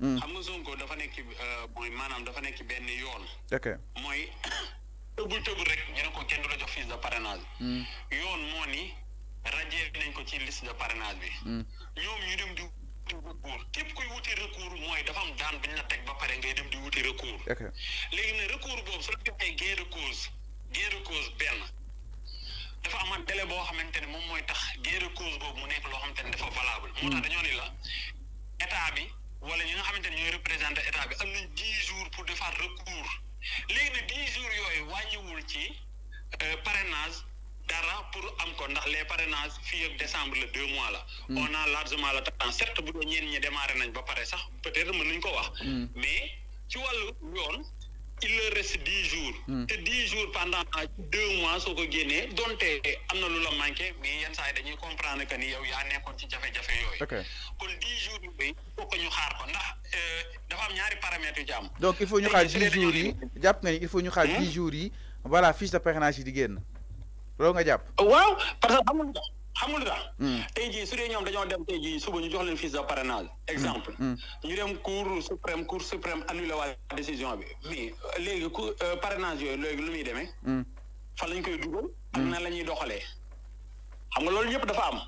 Mm. xam nga Sonko dafa nekk euh, mooy maanaam dafa nekk benn yoon. ok mooy tëbul tëbul rek ñu ne ko kenn du la jox fiche de parrainage. Mm. yoon moo ni rajee nañ ko ci liste de parrainage bi. Mm. ñoom ñu dem di wuti recours képp koy wuti recours mooy dafa am daan bi ñu la teg ba pare ngay dem di wuti recours. ok léegi nag recours boobu soo defee gain de cause gain de cause benn. dafa amoon délai boo xamante ne moom mooy tax gain de cause boobu mu nekk loo xamante ne dafa valable. ko ndax les parrainages fii ak décembre le deux mois la. Mm. on a largement le temps certes bu dee ñeen ñi démarré nañ ba pare sax peut-être mën nañ ko wax. Mm. mais ci wàllu yoon il leur reste dix jours. Mm. te dix jours pendant deux mois soo ko génnee donte am na lu la manqué mais yenn saa yi dañuy comprendre que ni yow yaa nekkoon ci jafe-jafe yooyu. kon dix jours yooyu foog ñu xaar ko ndax euh, dafa am ñaari paramètres yu ci am. donc il faut ñu xaar dix jours yi jàpp nga ni il faut ñu hmm? jours yi voilà fiche de parrainage yi di génn. loolu nga jàpp. waaw parce que xam nga lu tax xam nga lu hmm. tey jii su dee ñoom dañoo dem tey jii suba ñu jox leen fiche de parrainage. Hmm. exemple. Hmm. ñu dem cour suprême cour suprême annulé waa décision bi mais euh, léegi cour euh, parrainage yooyu léegi lu muy demee. fan lañ koy dugal. ak nan la ñuy doxalee. xam nga loolu yëpp dafa am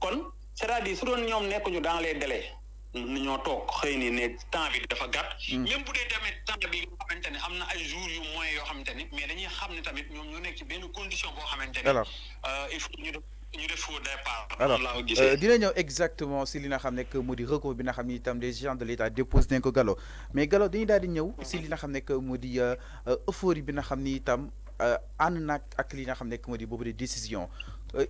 kon c'est-à-dire su doon ñoom nekkuñu dans les délais. ñoo toog xëy ni ne temps bi dafa gàtt. Mm. même bu dee tamit temps bi nga xamante ne am na ay jours yu moyens yoo xamante ne mais dañuy xam ne tamit ñoom ñoo nekk ci benn condition boo xamante ne. alors euh, il faut ñu def ñu def au départ. alors euh, dina ñëw exactement si li nga xam ne que moo di recours bi nga xam ne itam les gens de l' état déposé nañ ko Gallo mais Gallo dañuy daal di ñëw. si li nga xam ne que moo di euh, euphorie bi nga xam ni itam ànd naag ak li nga xam ne que moo di boobu de décision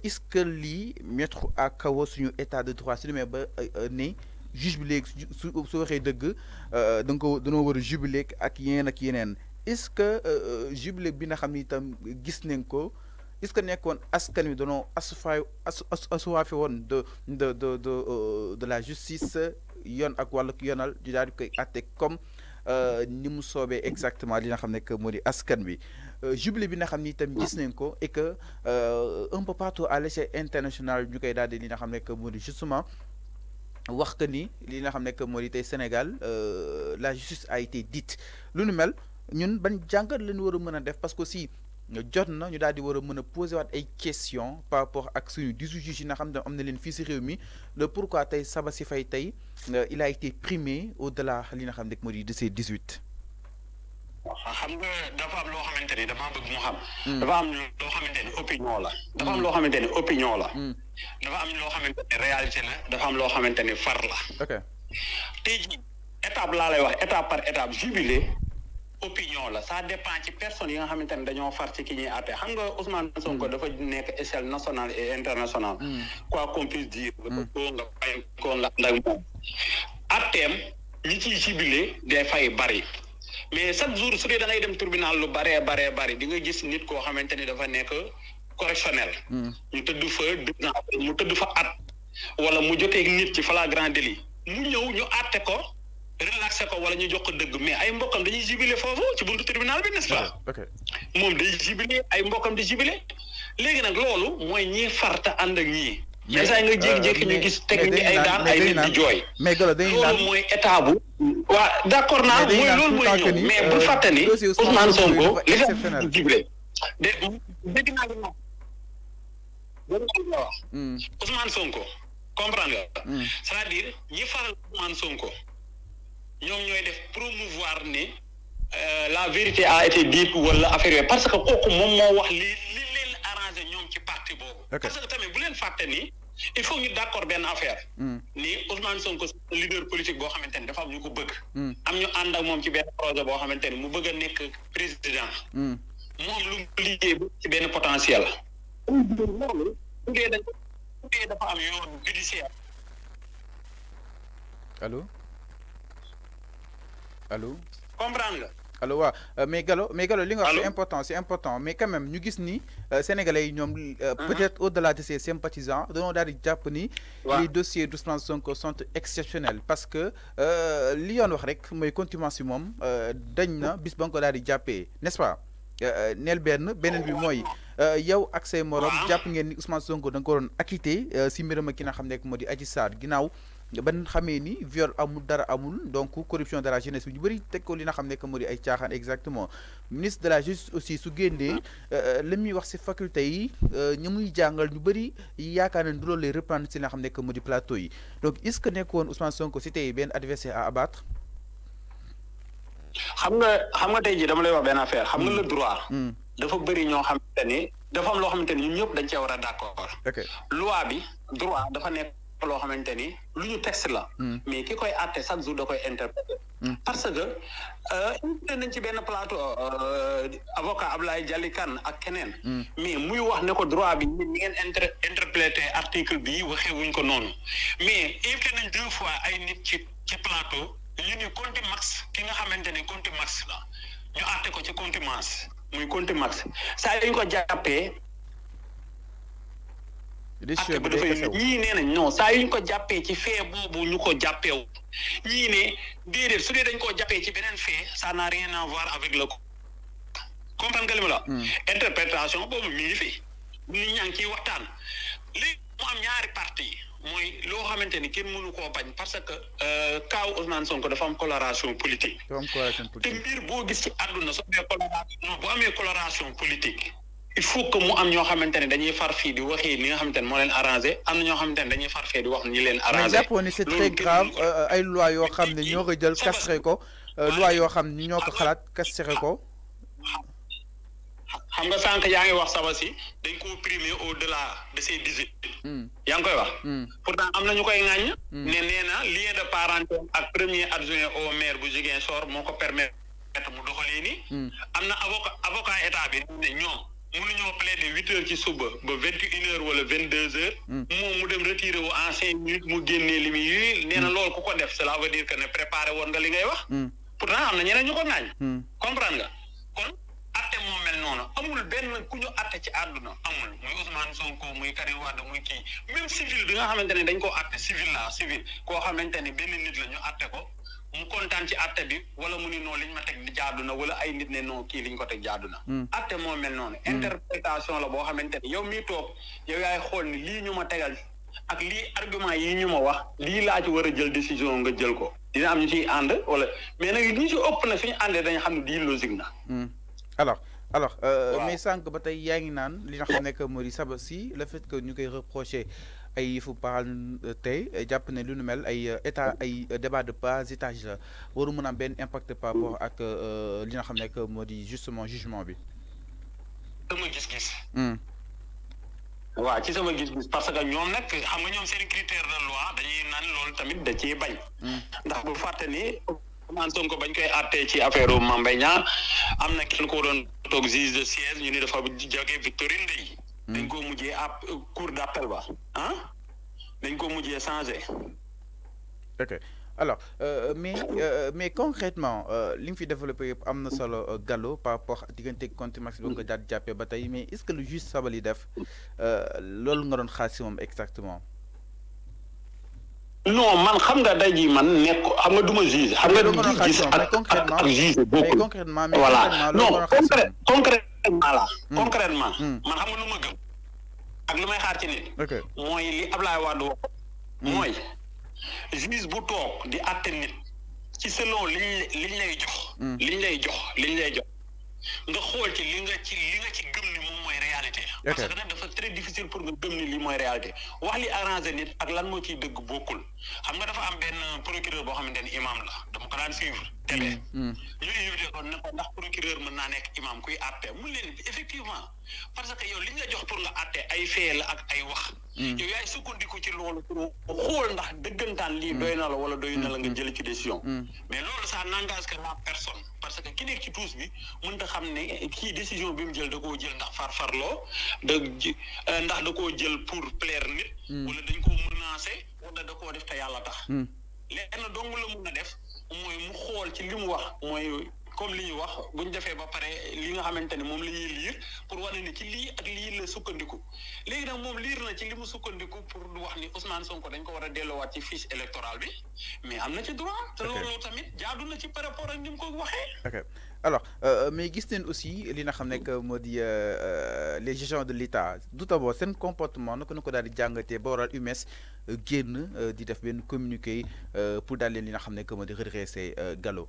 est ce que lii mettre à kaw suñu état de droit si demee ba ne. Jubilé bi léegi su su waxee dëgg euh, da ko a ak ak est-ce que euh, euh, jubilé bi nga xamni tam gis nañ ko est-ce que nekkoon askan wi danoo asufaay asuwaafe won de de de de de la justice a ak le yoonal di daal di koy été comme nous sommes sobé exactement li nga xamné que modi askan bi jubilé bi nga xamni tam gis nañ ko et que un peu partout à l'échelle internationale ñu koy daal di li nga xamné que modi justement waxtani li nga xam que moo tey Sénégal euh, la justice a été dite lu nu mel ñun ban jàngat la ñu war a mën a def parce que si, jot na ñu daal di war a mën a posé waat ay questions par rapport ak suñu 18 juge yi nga xam ne am na leen fii si réew mi le pourquoi tey Saba Sifay tey euh, il a été primé au-delà li nga xam ne moo de ces 18 xam nga dafa am loo xamante ni damaa bëgg mu xam. Hmm. dafa am loo xamante ni opinion la. Hmm. dafa am loo xamante ni opinion la. Hmm. dafa am loo xamante ni réalité la dafa am loo xamante ni far la. ok tey jii étape laa lay wax étape par étape jubilé opinion la ça dépend ci personne yi nga xamante ne dañoo far ci ki ñuy àtte xam nga Ousmane Sonko dafa nekk échelle nationale et internationale. quoi qu'on puisse dire. koo nga fay koo nga ànd ak moom. àtteem ñi ciy jubilé day fay bari. mais chaque jour su dee da dem tribunal lu baree baree bari di nga gis nit koo xamante ni dafa nekk correctionnel. ñu hmm. tëdd fa mu tëdd fa at. wala mu jotee nit ci flagrant délit mu ñëw ñu àtte ko relaxé ko wala ñu jox ko dëgg mais ay mbokkam dañuy jubilé foofu ci buntu tribunal bi n'est-ce pas. moom day jubilé ay mbokkam di jubilé. léegi nag loolu mooy ñii farta ànd ak ñii. mais saa nga jékki-jékki ñu gis technique ay daan ay nit di jooy. mais gala dañuy naan loolu mooy état bu. waa d' accord naa mooy loolu mooy ñëw mais bu fàtte ni Ousmane mm. Sonko li nga jible de o que é ma wax. Ousmane Sonko comprendre nga. Mm. c' est à dire ñi faral Ousmane Sonko ñoom ñooy def promouvoir ni euh, la vérité a été dite wala affaire yooyu parce que kooku moom moo wax li li leen arrangé ñoom ci parti boobu. parce que tamit bu leen fàtte ni il faut ñu d' accord benn affaire. Hmm. ni Ousmane Sonko leader politique boo xamante ni dafa am ñu ko bëgg. Hmm. am ñu ànd ak moom ci benn projet boo xamante ni mu bëgg a nekk président. moom lu mu liggéey ci benn potentiel. loolu bu dee dafa am yoon judiciaire. allo allo. comprendre nga. allo wa euh, mais Gallo mais Gallo li nga wax c'est important c'est important mais quand même ñu gis ni euh, sénégalais ñom euh, mm-hmm. peut-être au-delà de ces sympathisants dañoo daal di japp ni les dossiers d'Ousmane Sonko sont exceptionnels parce que li yoon wax rek moy contumace bi moom dañ na bis ba nga ko daal di jàppee n'est-ce pas neel benn benen bi mooy yow ak say morom japp ngeen ni Ousmane Sonko da nga ko doon acquitté si mbiram ki nga xamné ne moo Adji Sarr ginaaw ban xamé ni viol amul dara amul donc corruption de la jeunesse bi ñu bëri teg ko li nga xam que moo ay tiaxan exactement ministre de la justice aussi su génnee ah. euh, euh, la muy wax ci faculté yi euh, ñu muy jàngal ñu bari yaakaar nañ du reprendre ci li nga xam que moo plateau yi donc est ce que nekkoon Ousmane Sonko cité tey benn adversaire à abattre. xam nga xam nga tay ji dama lay wax ben affaire xam nga hmm. le droit. Hmm. dafa bari ño xamante ni dafa am lo xamante ni ñun ñëpp dañ ci wara d'accord loi bi droit dafa nekk. loo xamante ni lu ñu texte la hmm. mais ki koy àtte chaque jour da koy interpréter hmm. parce que euh, invité nañ ci benn plateau euh, avocat Ablaye Jali Kane ak keneen hmm. mais muy wax ne ko droit bi ñi ngeen inter article bi waxewuñ ko noonu mais invité nañ deux fois ay nit ci ci plateau ñu ni contumace ki nga xamante ni contumace la ñu atte ko ci contumace muy contumace saa yu ñu ko jàppee décision bi dafay ñii nee nañ non saa yu ñu ko jàppee ci fee boobu ñu ko jàppeewu ñii ne déedéet su dee dañ koo jàppee ci beneen fee ça n'a rien à voir avec le comprendre nga li ma la hmm. interprétation boobu mi fi nit ñaa ngi ciy waxtaan léegi mu am ñaari parti mooy loo xamante ni kenn mënu koo bañ parce que euh, kaaw Ousmane Sonko dafa am coloration politique te mbir boo gis ci àdduna soo amee coloration bu amee coloration politique il faut que mu am ñoo xamante ne dañuy far fii di waxee ni nga xamante ne moo leen arrangé am na ñoo xamante ne dañuy far fii di wax ñi leen arrangé. mais jàppoon ni c'est très grave euh, ay loi yoo xam ne ñoo ko jël castré ko euh, loi yoo xam ne ñoo ko xalaat castré ko. xam nga sànq yaa ngi wax saba si dañ ko primer au delà de ces dix hmm. yaa ngi koy wax. Hmm. pourtant am na ñu koy ŋàññ. Hmm. ne nee na lien de parenté ak premier adjoint au maire bu Ziguinchor moo ko permettre mu doxalee ni. am na avocat avocat état bi ne ñoom. mënuñoo plaider huit heures ci suba ba vingt une heures wala vingt deux heures. Hmm. moom mu dem retiré wu en cinq minutes mu génnee li muy yii hmm. nee na ku ko def cela veut dire que ne préparé woon nga li ngay wax. Hmm. pourtant am na ñeneen ñu ko naañ. comprendre nga kon atte moo mel noonu amul benn ku ñu atte ci àdduna amul muy Ousmane Sonko muy Karim Wade muy kii même civil bi nga xamante ne dañ koo atte civil la civil koo xamante ne benn nit la ñu atte ko. mu kontaan ci atte bi wala mu ni non liñ ma teg jaadu na wala ay nit ne non kii liñ ko teg jaadu na. Hmm. atte moo mel noonu. Hmm. interprétation la boo xamante ne yow miy toog yaay xool ni lii ñu ma tegal ak lii argument yi ñu ma wax lii laa ci war a jël décision nga jël ko. dina am ñu ciy ànd wala mais nag ñu ci ëpp na suñu àndee dañu xam ne di logique na. Hmm. alors alors. Euh, mais sànq ba tey yaa ngi naan li nga xam ne que Mori Saba si le fait que ñu koy reproché. ay yëfu euh, parents tey euh, jàpp ne lu nu mel ay euh, état ay débat de bas-étage la waru mën am benn impact par rapport ak li nga xam ne moo di justement jugement bi. sama gis-gis. Hmm. waaw ci sama gis-gis parce que ñoom nag xam nga ñoom seen critère de loi dañuy naan loolu tamit da ciy bañ. Hmm. ndax bu fàtte ni Ousmane ko bañ koy àttee ci affaire Mame Mbaye Niang am na kenn ko doon toog juge de siège ñu ni dafa jógee Victorine Ndeye. Hmm. dañ ko mujjee ab euh, cour d'appel ba ah dañ ko mujjee changé. ok alors euh, mais euh, mais concrètement euh, li nga fi développé yëpp am na solo euh, Gallo par rapport diggante compte max bi nga daal jàppee ba tey mais est-ce que le juge sabali def euh, loolu nga doon xaar si moom exactement. non man xam nga day ji man nekk xam nga du ma juge. xam nga du gis ak ak juge bokkul voilà non concrètement voilà concrètement hmm. Hmm. man xam nga lu ma gëm ak lu may xaar ci nit mooy li Ablaye Wade wax hmm. mooy juge bu toog di àtte nit ci selon liñ liñ lay jox liñ lay jox liñ lay jox nga xool ci li nga ci li nga ci gëm ni moom mooy réalité parce que nag dafa très difficile pour nga gëm ni lii mooy réalité wax li arrangé nit ak lan moo ciy dëgg bokkul xam nga dafa am benn procureur boo xamante ne imam la dama ko daan suivre tebee ñu invité ko ne ko ndax procureur mën naa nekk imam kuy àtte mu leen effectivement parce que yow li nga jox pour nga àtte ay fee la ak ay wax mm. yow yaay sukkandiku ci loolu pour xool ndax dëggantaan lii mm. doy na la wala doy na la nga mm, jël ci décision mais loolu sax n'engage que la personne parce que ki nekk ci tuus bi mën ta xam ne kii décision bi mu jël da koo jël ndax farfarloo da euh, ndax da koo jël pour plaire nit wala dañ koo menacer wala da koo def te yàlla tax lenn dong la mun a def mooy mu xool ci li mu wax mooy comme li ñu wax bu ñu defee ba pare li nga xamante ne moom la ñuy liir pour wane ni ci lii ak lii la sukkandiku léegi nag moom liir na ci li mu sukkandiku pour wax ni Ousmane Sonko dañ ko war a delloowaat ci fiche électorale bi mais am na ci droit. te loolu tamit jaadu na ci par rapport ak ni mu ko waxee. ok alors euh, euh, mais gis neen aussi li nga xam que moo di euh, les gestions de l'État tout d'abord seen comportement naka na ko daal di jàngatee ba waral UMS génn di def benn communiqué pour daal li nga xam que moo di redresser Gallo.